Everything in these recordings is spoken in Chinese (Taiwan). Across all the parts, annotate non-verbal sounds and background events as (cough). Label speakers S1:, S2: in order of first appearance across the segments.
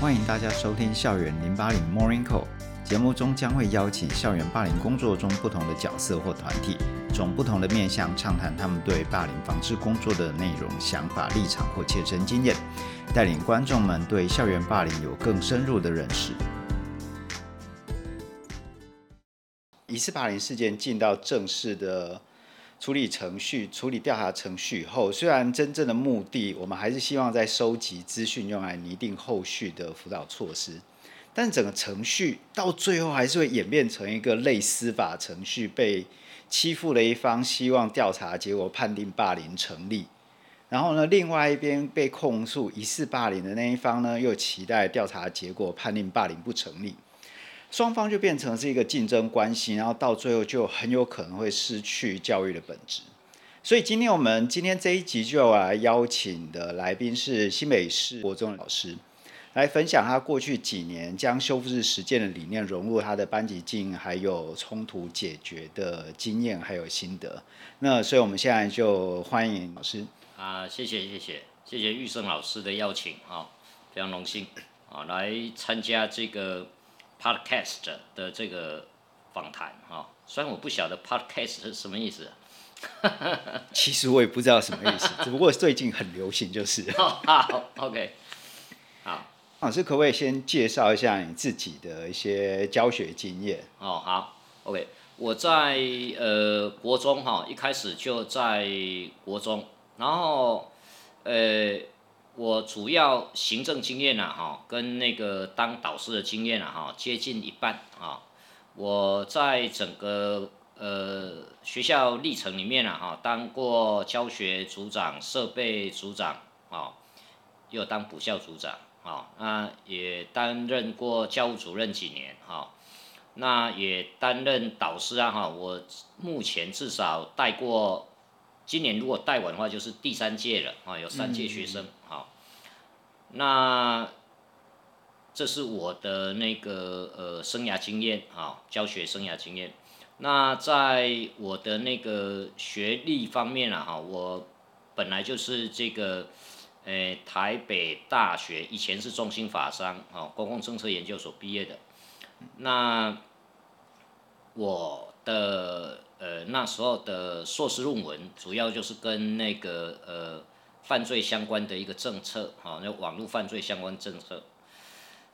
S1: 歡迎大家收聽《校園零霸凌 Morning Call》節目中將會邀請校園霸凌工作中不同的角色或團體，從不同的面向暢談他們對霸凌防治工作的內容、想法、立場或切身經驗，帶領觀眾們對校園霸凌有更深入的認識。疑似霸凌事件進到正式的處理程序，處理調查程序以後，雖然真正的目的，我們還是希望在收集資訊用來擬定後續的輔導措施，但整個程序到最後還是會演變成一個類司法程序，被欺負的一方希望調查結果判定霸凌成立，然後呢，另外一邊被控訴疑似霸凌的那一方呢，又期待調查結果判定霸凌不成立。雙方就變成是一個競爭關係，然後到最後就很有可能會失去教育的本質。所以今天我們今天這一集就要來邀請的來賓是新北市國中老師，來分享他過去幾年將修復式實踐的理念融入他的班級經營還有衝突解決的經驗還有心得。那所以我們現在就歡迎老師
S2: 啊，謝謝謝謝謝謝玉勝老師的邀請啊，非常榮幸啊，來參加這個。Podcast 的這個訪談啊，雖然我不曉得 Podcast 是什麼意思。啊，其
S1: 實我也不知道什麼意思， (laughs) 只不過最近很流行就是。
S2: Oh, okay. (laughs) 好
S1: ，OK，好，老師可不可以先介紹一下你自己的一些教學經驗？
S2: 哦，好，OK，我在呃國中哈，一開始就在國中，然後呃。欸我主要行政經驗吶，哈，跟那個當導師的經驗吶，哈，接近一半啊。我在整個呃學校歷程裡面吶，哈，當過教學組長、設備組長啊，又當補校組長啊，那也擔任過教務主任幾年哈，那也擔任導師啊，哈。我目前至少帶過，今年如果帶完的話，就是第三屆了啊，有三屆學生哈。嗯那這是我的那個呃，生涯經驗啊、哦，教學生涯經驗。那在我的那個學歷方面啊，哈，我本來就是這個，誒、呃，台北大學以前是中興法商啊、哦，公共政策研究所畢業的。那我的呃那時候的碩士論文，主要就是跟那個呃。犯罪相關的一個政策，哈、哦，那個、網絡犯罪相關政策。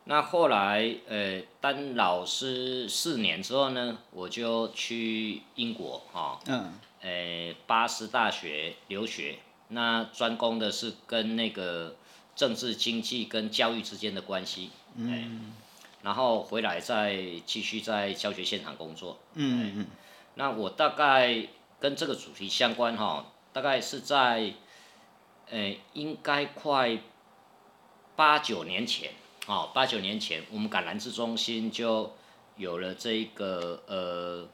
S2: 那後來，呃，當老師四年之後呢，我就去英國，哈、哦，嗯，呃，巴斯大學留學，那專攻的是跟那個政治經濟跟教育之間的關係，嗯，呃、然後回來再繼續在教學現場工作，嗯嗯、呃，那我大概跟這個主題相關，哈、哦，大概是在。欸、應該快八九年前，哦，八九年前，我們橄欖枝中心就有了這一個呃，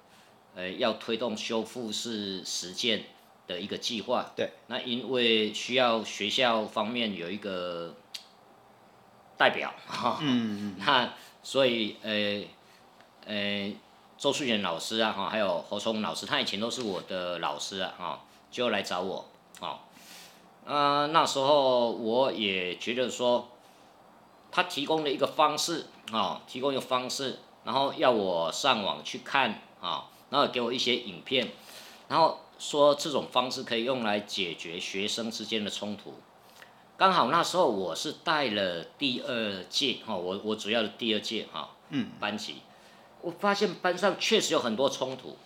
S2: 呃、欸，要推動修復式實踐的一個計劃。對。那因為需要學校方面有一個代表，哈、哦嗯，那所以呃，呃、欸欸，周樹遠老師啊，哈，還有何松老師，他以前都是我的老師啊，哦、就來找我。呃，那時候我也覺得說，他提供了一個方式啊、哦，提供一個方式，然後要我上網去看啊、哦，然後給我一些影片，然後說這種方式可以用來解決學生之間的衝突。剛好那時候我是帶了第二屆哈、哦，我我主要的第二屆哈、哦，班級，我發現班上確實有很多衝突，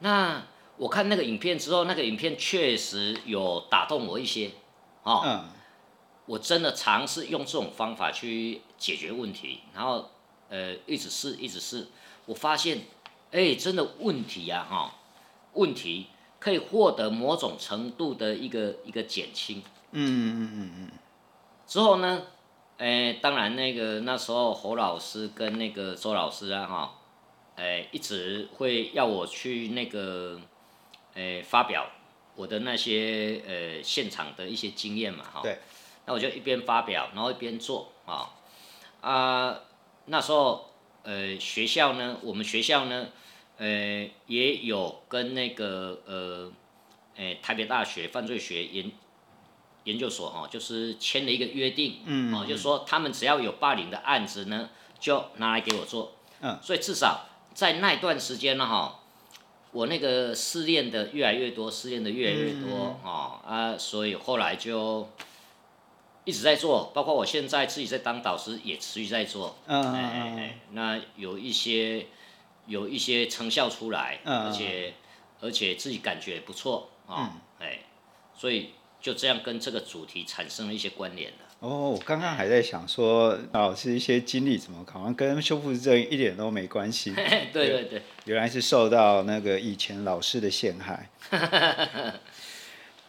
S2: 那。我看那個影片之後，那個影片確實有打動我一些，嗯、我真的嘗試用這種方法去解決問題，然後呃，一直試，一直試，我發現，哎、欸，真的問題呀、啊，哈，問題可以獲得某種程度的一個一個減輕，嗯嗯嗯嗯，之後呢，哎、欸，當然那個那時候侯老師跟那個周老師啊，哈，哎，一直會要我去那個。誒、呃，發表我的那些呃現場的一些經驗嘛，哈。對。那我就一邊發表，然後一邊做啊。啊，那時候呃學校呢，我們學校呢，呃也有跟那個呃，呃，台北大學犯罪學研研究所哈，就是簽了一個約定，哦、嗯嗯，就是、說他們只要有霸凌的案子呢，就拿來給我做。嗯。所以至少在那一段時間呢，哈。我那個實踐的越來越多，實踐的越來越多啊、嗯哦、啊，所以後來就一直在做，包括我現在自己在當導師也持續在做，嗯、哎哎，哎，那有一些有一些成效出來，嗯、而且而且自己感覺也不錯啊、哦嗯，哎，所以就這樣跟這個主題產生了一些關聯了。
S1: 哦、oh，我剛剛還在想說，老師一些經歷怎麼考完，跟修復式正義一點都沒關係。 (laughs) 對，對對對，原來是受到那個以前老師的陷害。 (laughs)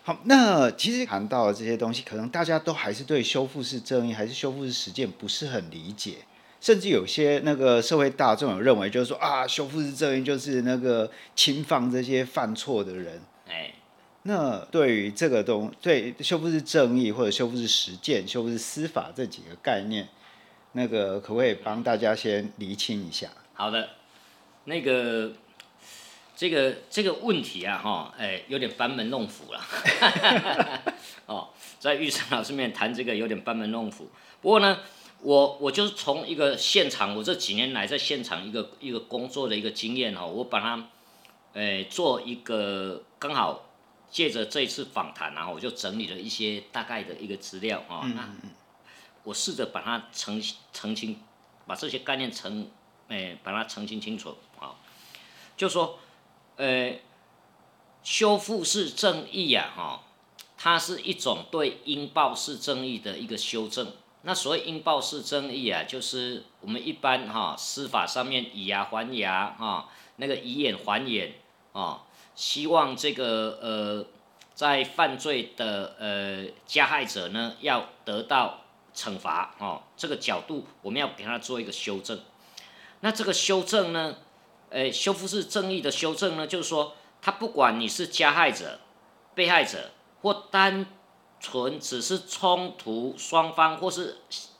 S1: 好，那其實談到這些東西，可能大家都還是對修復式正義還是修復式實踐不是很理解，甚至有些那個社會大眾有認為就是說啊，修復式正義就是那個輕放這些犯錯的人，欸那對於這個東西，對修復式正義，或者修復式實踐，修復式司法這幾個概念，那個可不可以幫大家先釐清一下？
S2: 好的，那個這個這個問題啊，哈，哎，有點班門弄斧了。哦，， (laughs) 在玉山老師面談這個有點班門弄斧，不過呢，我我就是從一個現場，我這幾年來在現場一個一個工作的一個經驗哦，我把它，哎、欸，做一個剛好。借着這次訪談、啊，然後我就整理了一些大概的一個資料，嗯嗯嗯啊，那我試着把它澄清、澄清，把這些概念澄，哎、欸，把它澄清清楚啊、喔，就說，呃、欸，修復式正義呀、啊，哈、喔，它是一種對應報式正義的一個修正。那所謂應報式正義啊，就是我們一般哈、喔、司法上面以牙還牙啊、喔，那個以眼還眼啊。喔。希望這個呃，在犯罪的呃加害者呢，要得到懲罰哦。這個角度我們要給他做一個修正。那這個修正呢，呃、修復式正義的修正呢，就是說，他不管你是加害者、被害者，或單純只是衝突雙方，或是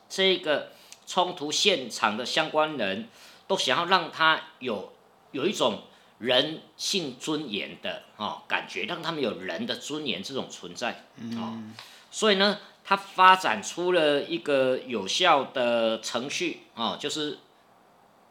S2: 這個衝突現場的相關人，都想要讓他有有一種。人性尊嚴的、哦、感覺，讓他們有人的尊嚴這種存在啊、哦嗯，所以呢，他發展出了一個有效的程序啊、哦，就是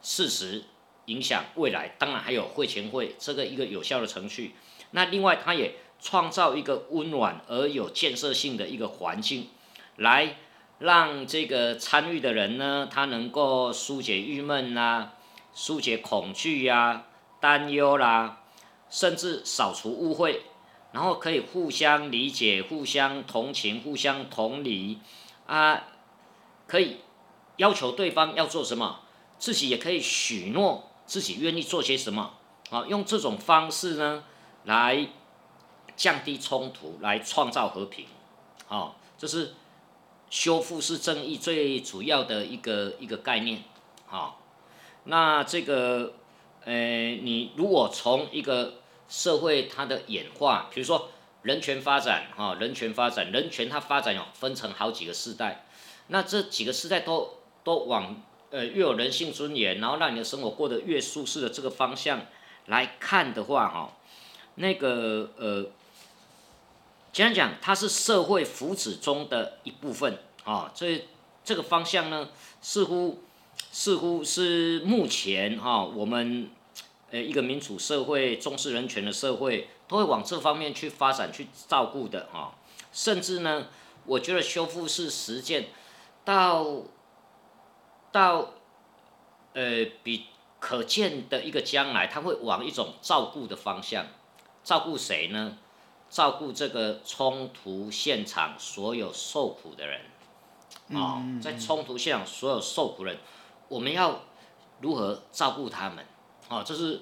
S2: 事實影響未來，當然還有會前會這個一個有效的程序。那另外，他也創造一個溫暖而有建設性的一個環境，來讓這個參與的人呢，他能夠紓解鬱悶啊，紓解恐懼呀、啊。擔憂啦，甚至掃除誤會，然後可以互相理解、互相同情、互相同理，啊，可以要求對方要做什麼，自己也可以許諾自己願意做些什麼，啊，用這種方式呢來降低衝突，來創造和平，啊，這是修復式正義最主要的一個一個概念，啊，那這個。呃，你如果從一個社會它的演化，比如說人權發展，哈，人權發展，人權它發展有分成好幾個世代，那這幾個世代都都往呃越有人性尊嚴，然後讓你的生活過得越舒適的這個方向來看的話，哈、哦，那個呃，簡單講講，它是社會福祉中的一部分，啊、哦，這這個方向呢，似乎。似乎是目前哈、哦，我們，呃，一個民主社會重視人權的社會，都會往這方面去發展、去照顧的啊、哦。甚至呢，我覺得修復式實踐到到呃比可見的一個將來，它會往一種照顧的方向。照顧誰呢？照顧這個衝突現場所有受苦的人啊、嗯哦，在衝突現場所有受苦人。我們要如何照顧他們？哦，這、就是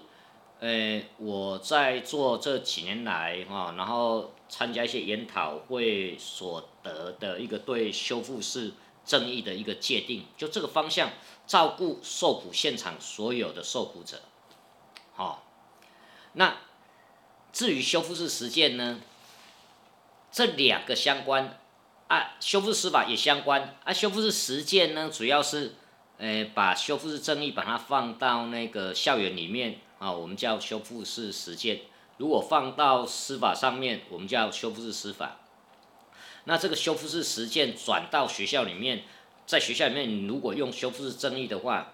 S2: 呃我在做這幾年來哈、哦，然後參加一些研討會所得的一個對修復式正義的一個界定，就這個方向照顧受苦現場所有的受苦者。好、哦，那至於修復式實踐呢？這兩個相關啊，修復式司法也相關啊，修復式實踐呢，主要是。誒、欸，把修復式正義把它放到那個校園裡面啊，我們叫修復式實踐。如果放到司法上面，我們叫修復式司法。那這個修復式實踐轉到學校裡面，在學校裡面，你如果用修復式正義的話，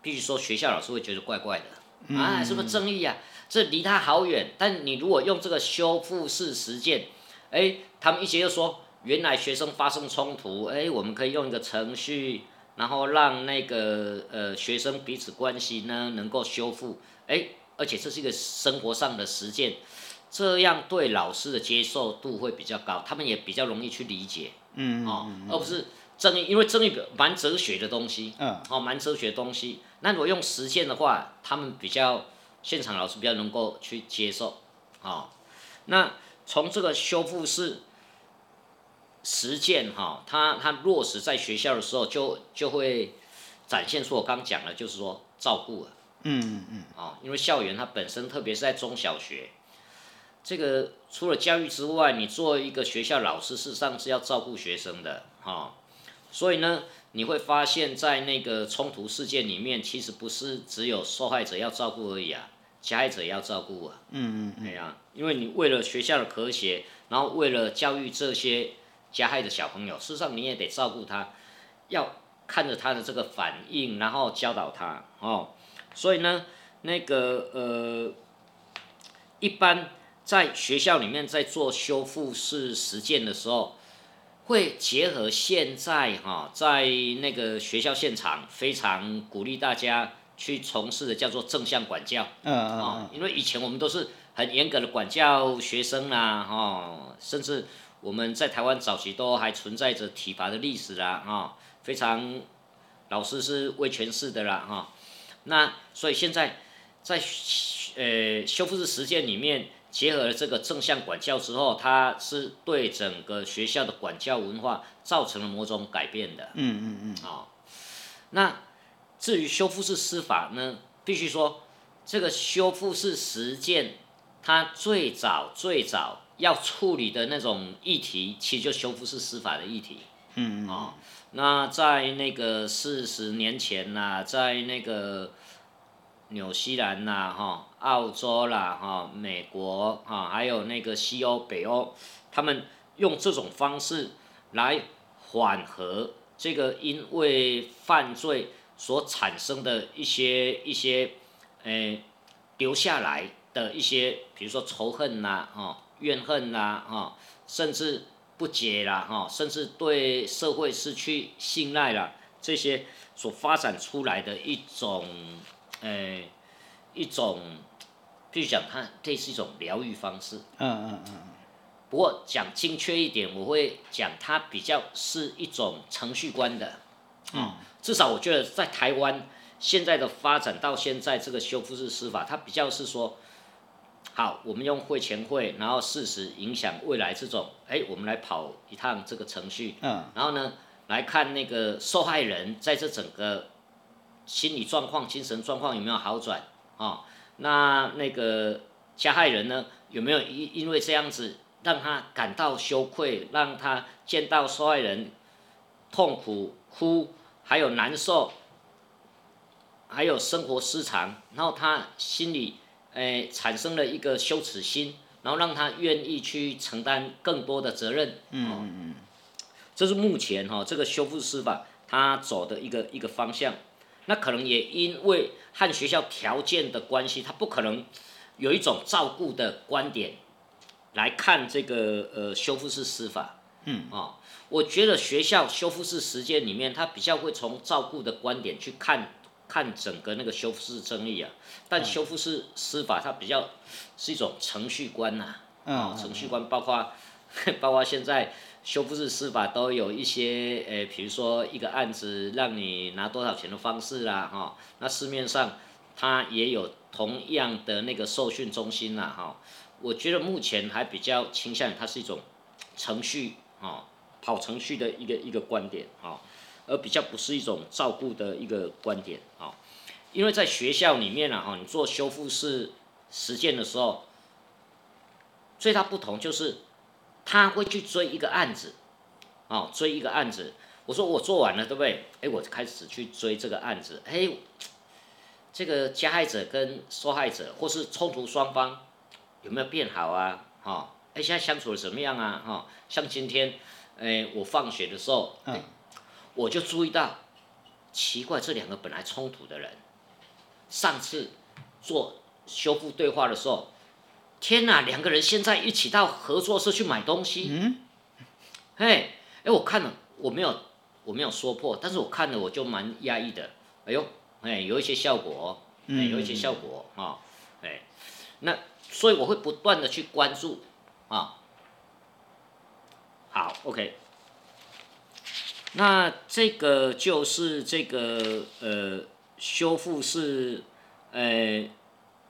S2: 必須說學校老師會覺得怪怪的、
S1: 嗯、啊，是不是
S2: 正義啊？這離他好遠。但你如果用這個修復式實踐，誒、欸，他們一直又說，原來學生發生衝突，誒、欸，我們可以用一個程序。然後讓那個呃學生彼此關係呢能夠修復，哎，而且這是一個生活上的實踐，這樣對老師的接受度會比較高，他們也比較容易去理解，
S1: 嗯，嗯，嗯哦，而不是
S2: 正義，因為正義蠻哲學的東西，嗯，哦，蠻哲學的東西，那如果用實踐的話，他們比較現場老師比較能夠去接受，哦，那從這個修復式。實踐哈、哦，他他落實在學校的時候就，就就會展現出我剛講的就是說照顧
S1: 了、
S2: 啊，嗯,嗯嗯，哦，因為校園他本身，特別是在中小學，這個除了教育之外，你做一個學校老師，事實上是要照顧學生的哈、哦，所以呢，你會發現在那個衝突事件裡面，其實不是只有受害者要照顧而已啊，加害者也要照顧啊，嗯嗯,嗯對呀、啊，因為你為了學校的和諧，然後為了教育這些。加害的小朋友，事實上你也得照顧他，要看着他的這個反應，然後教導他哦。所以呢，那個呃，一般在學校裡面在做修復式實踐的時候，會結合現在哈，哦，在那個學校現場非常鼓勵大家去從事的叫做正向管教。嗯嗯嗯。哦，因為以前我們都是很嚴格的管教學生啦，啊，哦，甚至。我們在台灣早期都還存在着體罰的歷史啦，啊，非常老師是威權式的啦，哈，那所以現在在呃修復式實踐裡面結合了這個正向管教之後，它是對整個學校的管教文化造成了某種改變的。嗯嗯嗯，啊，那至於修復式司法呢，必須說這個修復式實踐它最早最早。要處理的那種議題，其實就修復式司法的議題。嗯，哦，那在那個四十年前呢、啊、在那個紐西蘭吶，哈，澳洲啦，哈，美國哈、啊，還有那個西歐、北歐，他們用這種方式來緩和這個因為犯罪所產生的一些一些，誒、欸，留下來的一些，比如說仇恨吶、啊、哈、哦。怨恨啦，哈，甚至不解啦，哈，甚至對社會失去信賴啦。這些所發展出來的一種，誒、欸，一種，必須講它，這是一種療癒方式。嗯嗯嗯嗯。不過講精確一點，我會講它比較是一種程序觀的。嗯。至少我覺得在台灣現在的發展到現在這個修復式司法，它比較是說。好，我們用會前會，然後事實影響未來這種，誒、欸，我們來跑一趟這個程序，嗯，然後呢，來看那個受害人在這整個心理狀況、精神狀況有沒有好轉啊、哦？那那個加害人呢，有沒有因因為這樣子讓他感到羞愧，讓他見到受害人痛苦、哭，還有難受，還有生活失常，然後他心裡。哎、欸，產生了一個羞恥心，然後讓他願意去承擔更多的責任。哦、嗯嗯，這是目前哈、哦、這個修復式司法他走的一個一個方向。那可能也因為和學校條件的關係，他不可能有一種照顧的觀點來看這個呃修復式司法。嗯啊、哦，我覺得學校修復式實踐裡面，他比較會從照顧的觀點去看。看整個那個修復式正義啊，但修復式司法它比較是一種程序觀吶、啊，啊、嗯嗯嗯，程序觀包括包括現在修復式司法都有一些誒，欸，比如說一個案子讓你拿多少錢的方式啊。哈，那市面上它也有同樣的那個受訓中心啊。哈，我覺得目前還比較傾向於它是一種程序啊，跑程序的一個一個觀點啊。而比較不是一種照顧的一個觀點啊、哦，因為在學校裡面啦、啊、哈，你做修復式實踐的時候，最大不同就是，他會去追一個案子，哦，追一個案子。我說我做完了對不對？哎、欸，我開始去追這個案子。哎、欸，這個加害者跟受害者或是衝突雙方有沒有變好啊？哈、哦，哎、欸，現在相處的怎麼樣啊？哈，像今天，哎、欸，我放學的時候。嗯我就注意到，奇怪，這兩個本來衝突的人，上次做修復對話的時候，天哪，兩個人現在一起到合作社去買東西。嗯。哎、hey, 哎、欸，我看了，我沒有我沒有說破，但是我看了，我就蠻壓抑的。哎呦，哎，有一些效果，哎，有一些效果啊。哎、嗯嗯嗯哦，那所以我會不斷的去關注，啊、哦，好，OK。那這個就是這個呃，修復式，呃、欸，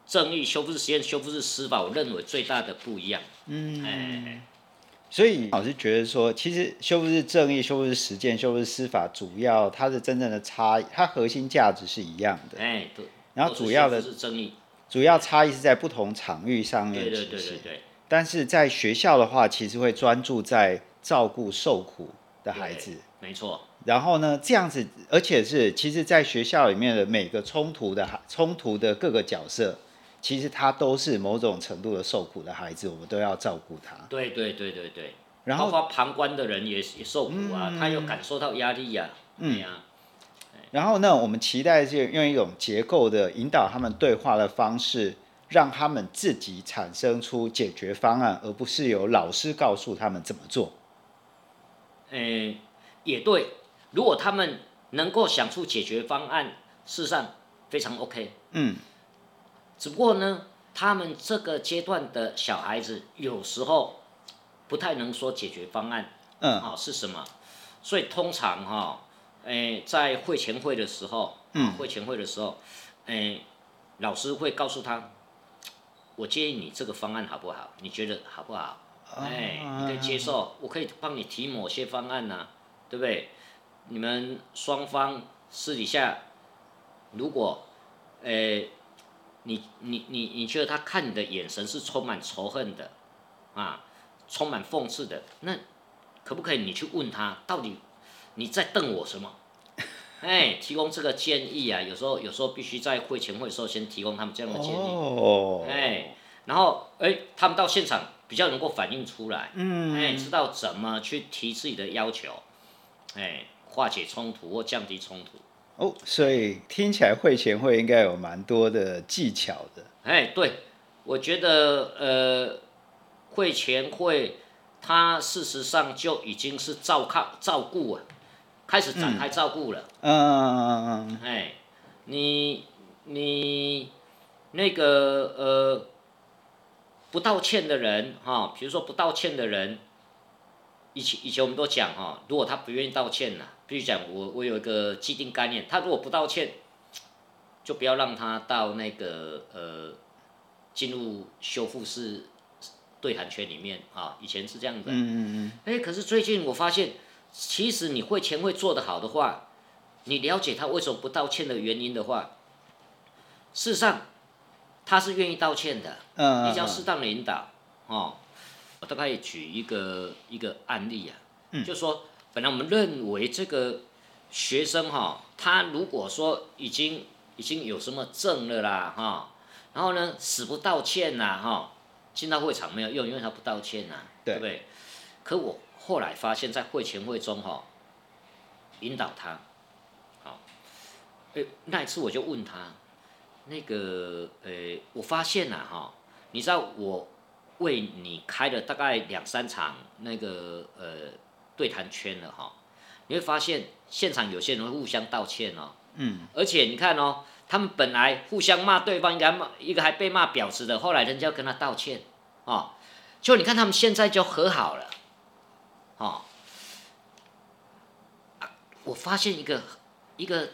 S2: 正義修復式實踐，修復式司法，我認為最大的不一樣。嗯，
S1: 哎、欸，所以老師覺得說，其實修復式正義，修復式實踐，修復式司法，主要它的真正的差異，它核心價值是一樣的。
S2: 哎、欸，對。然後主要的，是，是正義。
S1: 主要差異是在不同場域上面。體對對，對對對對。但是在學校的話，其實會專注在照顧受苦的孩子。沒錯，然後呢，這樣子，而且是，其實，在學校裡面的每個衝突的衝突的各個角色，其實他都是某種程度的受苦的孩子，我們都要照顧他。
S2: 對對對對對。然後，旁觀的人也也受苦啊、嗯，他有感受到壓力呀、啊。嗯、啊。
S1: 然後呢，我們期待是用一種結構的引導他們對話的方式，讓他們自己產生出解決方案，而不是由老師告訴他們怎麼做。誒、
S2: 欸。也對，如果他們能夠想出解決方案，事實上非常 OK。嗯，只不過呢，他們這個階段的小孩子有時候不太能說解決方案。嗯，哦、是什麼？所以通常哈、哦，誒，在會前會的時候，嗯，會前會的時候，誒，老師會告訴他，我建議你這個方案好不好？你覺得好不好？
S1: 哦、哎，你可以接
S2: 受、嗯，我可以幫你提某些方案呢、啊。對不對？你們雙方私底下，如果，誒，你你你你覺得他看你的眼神是充滿仇恨的，啊，充滿諷刺的，那可不可以你去問他，到底你在瞪我什麼？哎，提供這個建議啊，有時候有時候必須在會前會的時候先提供他們這樣的建議，哎、
S1: oh.，
S2: 然後哎，他們到現場比較能夠反映出來，哎、mm.，知道怎麼去提自己的要求。哎、欸，化解衝突或降低衝突
S1: 哦，所以聽起來會前會應該有蠻多的技巧的。
S2: 哎、欸，對，我覺得呃，會前會他事實上就已經是照看照顧啊，開始展開照顧了。嗯嗯
S1: 嗯嗯
S2: 嗯。哎、欸，你你那個呃，不道歉的人哈，比如說不道歉的人。以前以前我們都講哈，如果他不願意道歉呢，比如講我我有一個既定概念，他如果不道歉，就不要讓他到那個呃進入修復式對談圈裡面啊。以前是這樣子，哎、嗯嗯嗯欸，可是最近我發現，其實你會前會做得好的話，你了解他為什麼不道歉的原因的話，事實上他是願意道歉的，你只要適當的引導，哦。我大概舉一個一個案例啊，嗯、就是、說本來我們認為這個學生哈、哦，他如果說已經已經有什麼證了啦哈、哦，然後呢死不道歉吶哈、哦，進到會場沒有用，因爲他不道歉吶，對不對？可我後來發現，在會前會中哈、哦，引導他，好、哦，那一次我就問他，那個呃，我發現吶、啊、哈、哦，你知道我為你開了大概兩三場那個呃對談圈了哈、哦，你會發現現場有些人會互相道歉哦，嗯，而且你看哦，他們本來互相罵對方，應該罵一個還被罵婊子的，後來人家要跟他道歉啊、哦，就你看他們現在就和好了，哦，啊、我發現一個一個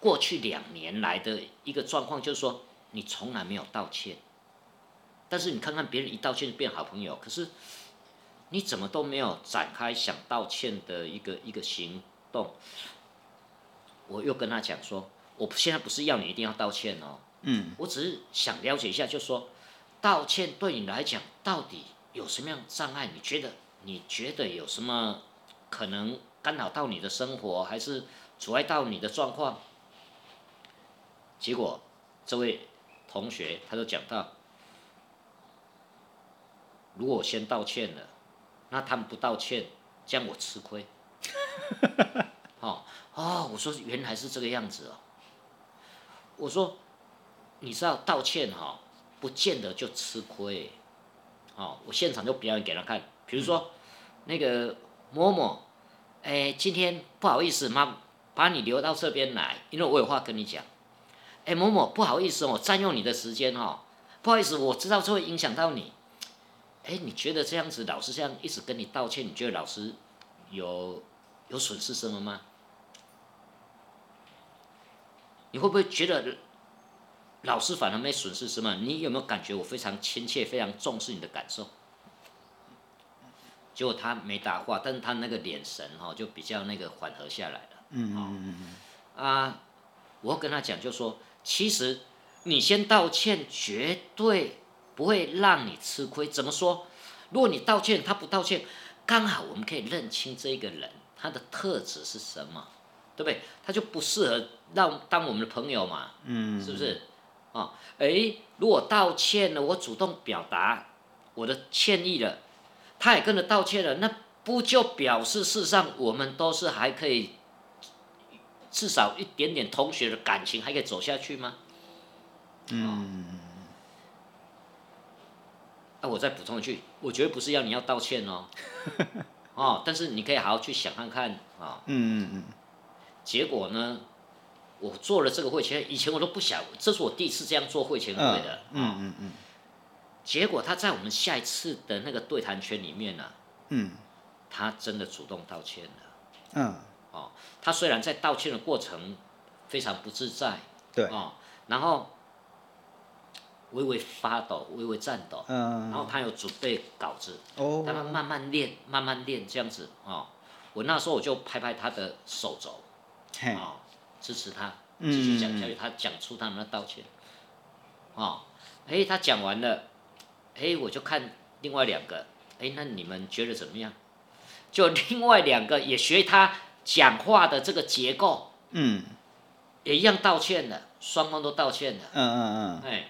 S2: 過去兩年來的一個狀況，就是說你從來沒有道歉，但是你看看別人一道歉，變好朋友，可是你怎麼都沒有展開想道歉的一個一個行動。我又跟他講說，我現在不是要你一定要道歉哦，嗯，我只是想了解一下，就說道歉對你來講到底有什麼樣障礙？你覺得你覺得有什麼可能干擾到你的生活，還是阻礙到你的狀況？結果這位同學他就講到。如果我先道歉了，那他們不道歉，這樣我吃虧。哈， (laughs) 哦，我說原來是這個樣子哦。我說，你知道道歉哈、哦，不見得就吃虧。哦，我現場就表演給他看。比如說，嗯、那個某某，哎、欸，今天不好意思，媽把你留到這邊來，因為我有話跟你講。哎、欸，某某，不好意思哦，佔用你的時間哈、哦，不好意思，我知道這會影響到你。哎，你覺得這樣子老師這樣一直跟你道歉，你覺得老師有有損失什麼嗎？你會不會覺得老師反而沒損失什麼？你有沒有感覺我非常親切、非常重視你的感受？結果他沒答話，但是他那個眼神哈就比較那個緩和下來了。嗯嗯，嗯。啊，我跟他講就是說，其實你先道歉，絕對。不會讓你吃虧。怎麼說？如果你道歉，他不道歉，剛好我們可以認清這個人他的特質是什麼，對不對？他就不適合讓當我們的朋友嘛，嗯，是不是？啊、哦，誒，如果道歉了，我主動表達我的歉意了，他也跟着道歉了，那不就表示事實上我們都是還可以至少一點點同學的感情還可以走下去嗎？
S1: 哦、嗯。
S2: 那、啊、我再補充一句，我覺得不是要你要道歉哦， (laughs) 哦，但是你可以好好去想看看啊、哦。嗯嗯嗯。結果呢，我做了這個會前，以前我都不想，這是我第一次這樣做會前會的。呃、嗯嗯嗯、哦。結果他在我們下一次的那個對談圈裡面呢、啊，嗯，他真的主動道歉了。嗯。哦，他雖然在道歉的過程非常不自在。對。哦，然後。微微發抖，微微顫抖，uh, 然後他有準備稿子，哦，讓他慢慢練，慢慢練，這樣子哦，我那時候我就拍拍他的手肘，嘿、hey. 哦，支持他繼續講下去、嗯，他講出他們的道歉。哦？哎，他講完了，哎，我就看另外兩個，哎，那你們覺得怎麼樣？就另外兩個也學他講話的這個結構，嗯，也一樣道歉的，雙方都道歉的，嗯嗯嗯，哎。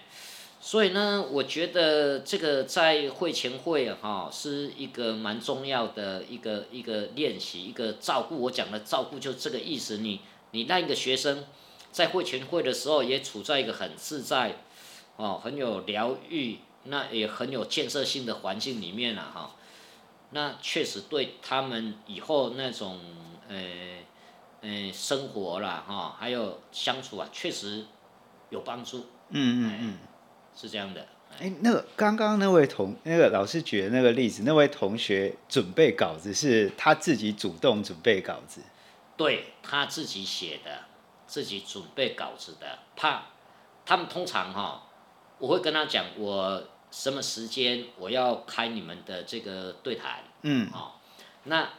S2: 所以呢，我覺得這個在會前會哈是一個蠻重要的一個一個練習，一個照顧。我講的照顧就這個意思，你你那一個學生在會前會的時候也處在一個很自在，哦，很有療癒，那也很有建設性的環境裡面了哈。那確實對他們以後那種呃呃生活啦哈，還有相處啊，確實有幫助。嗯嗯嗯。哎是這樣的，
S1: 哎，那個、剛剛那位同那個老師舉的那個例子，那位同學準備稿子是他自己主動準備稿子，
S2: 對，他自己寫的，自己準備稿子的，怕他們通常哈、哦，我會跟他講，我什麼時間我要開你們的這個對談，嗯，哦，那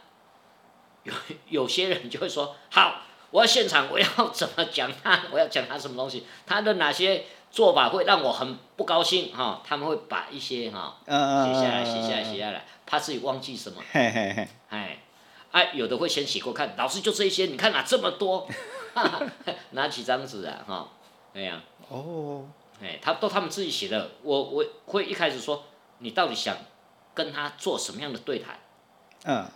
S2: 有有些人就會說，好，我要現場，我要怎麼講他，我要講他什麼東西，他的哪些做法會讓我很不高興哈，他們會把一些哈
S1: 寫下來，寫、uh, 下來，寫下
S2: 來，怕自己忘記什麼。哎、
S1: hey,
S2: hey, hey. 哎，有的會先寫過看，老師就這些，你看哪、啊、這麼多， (laughs) 拿幾張紙啊哈，對呀。哦，啊 oh. 哎，他都他們自己寫的，我我會一開始說，你到底想跟他做什麼樣的對談？嗯、uh.，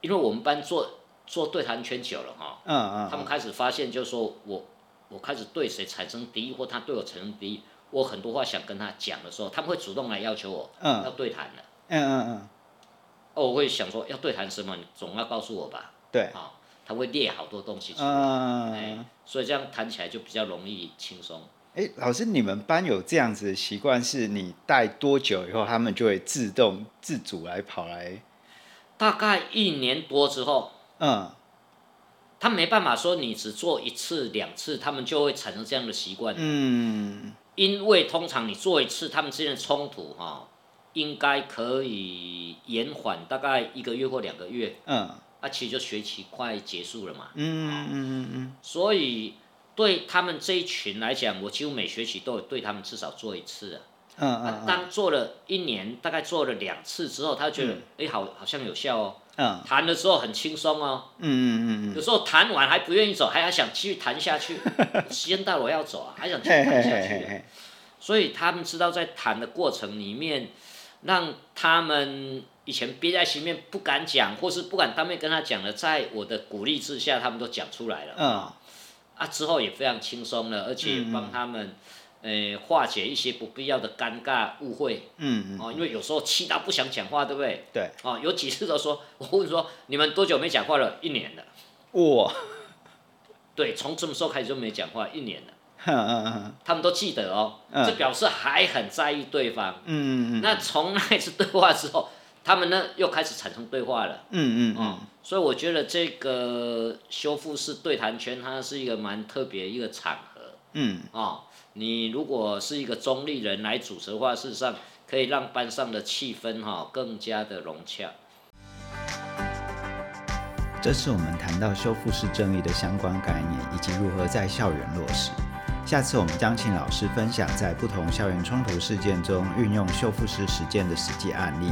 S2: 因為我們班做做對談很久了哈，嗯嗯，他們開始發現就是說我。我開始對誰產生敵意，或他對我產生敵意，我很多話想跟他講的時候，他們會主動來要求我要對，嗯，要對談了嗯嗯嗯，哦，我會想說要對談什麼，你總要告訴我吧，
S1: 對、哦，
S2: 他會列好多東西出來，嗯、欸、所以這樣談起來就比較容易輕鬆。
S1: 哎、欸，老師，你們班有這樣子的習慣，是你帶多久以後，他們就會自動自主來跑來？
S2: 大概一年多之後，嗯。他沒辦法說你只做一次兩次，他們就會產生這樣的習慣。嗯，因為通常你做一次，他們之間的衝突哈、哦，應該可以延緩大概一個月或兩個月。嗯，那、啊、其實就學期快結束了嘛。嗯嗯嗯
S1: 嗯。
S2: 所以對他們這一群來講，我幾乎每學期都有對他們至少做一次、啊。啊、當做了一年，嗯、大概做了兩次之後，他就覺得，哎、嗯欸，好，好像有效哦。談的時候很輕鬆哦。嗯，嗯，嗯有時候談完還不願意走，還還想繼續談下去。 (laughs) 時間到了我要走啊，還想繼續談下去嘿嘿嘿嘿嘿。所以他們知道在談的過程裡面，讓他們以前憋在心裡面不敢講，或是不敢當面跟他講的，在我的鼓勵之下，他們都講出來了。啊、嗯。啊，之後也非常輕鬆了，而且幫他們、嗯。嗯誒，化解一些不必要的尷尬誤會。
S1: 嗯哦，
S2: 因為有時候氣到不想講話，對不對？對。哦，有幾次都說，我問說你們多久沒講話了？一年了。哇。對，從什麼時候開始就沒講話？一年
S1: 了。
S2: 嗯他們都記得哦、呃，這表示還很在意對方。嗯嗯嗯那從那一次對話之後，他們呢又開始產生對話了。嗯嗯嗯、哦。所以我覺得這個修復式對談圈，它是一個蠻特別一個場合。嗯。哦。你如果是一個中立人來主持的話，事實上可以讓班上的氣氛哈更加的融洽。
S1: 這次我們談到修復式正義的相關概念以及如何在校園落實。下次我們將請老師分享在不同校園衝突事件中運用修復式實踐的實際案例，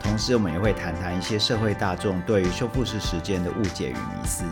S1: 同時我們也會談談一些社會大眾對於修復式實踐的誤解與迷思。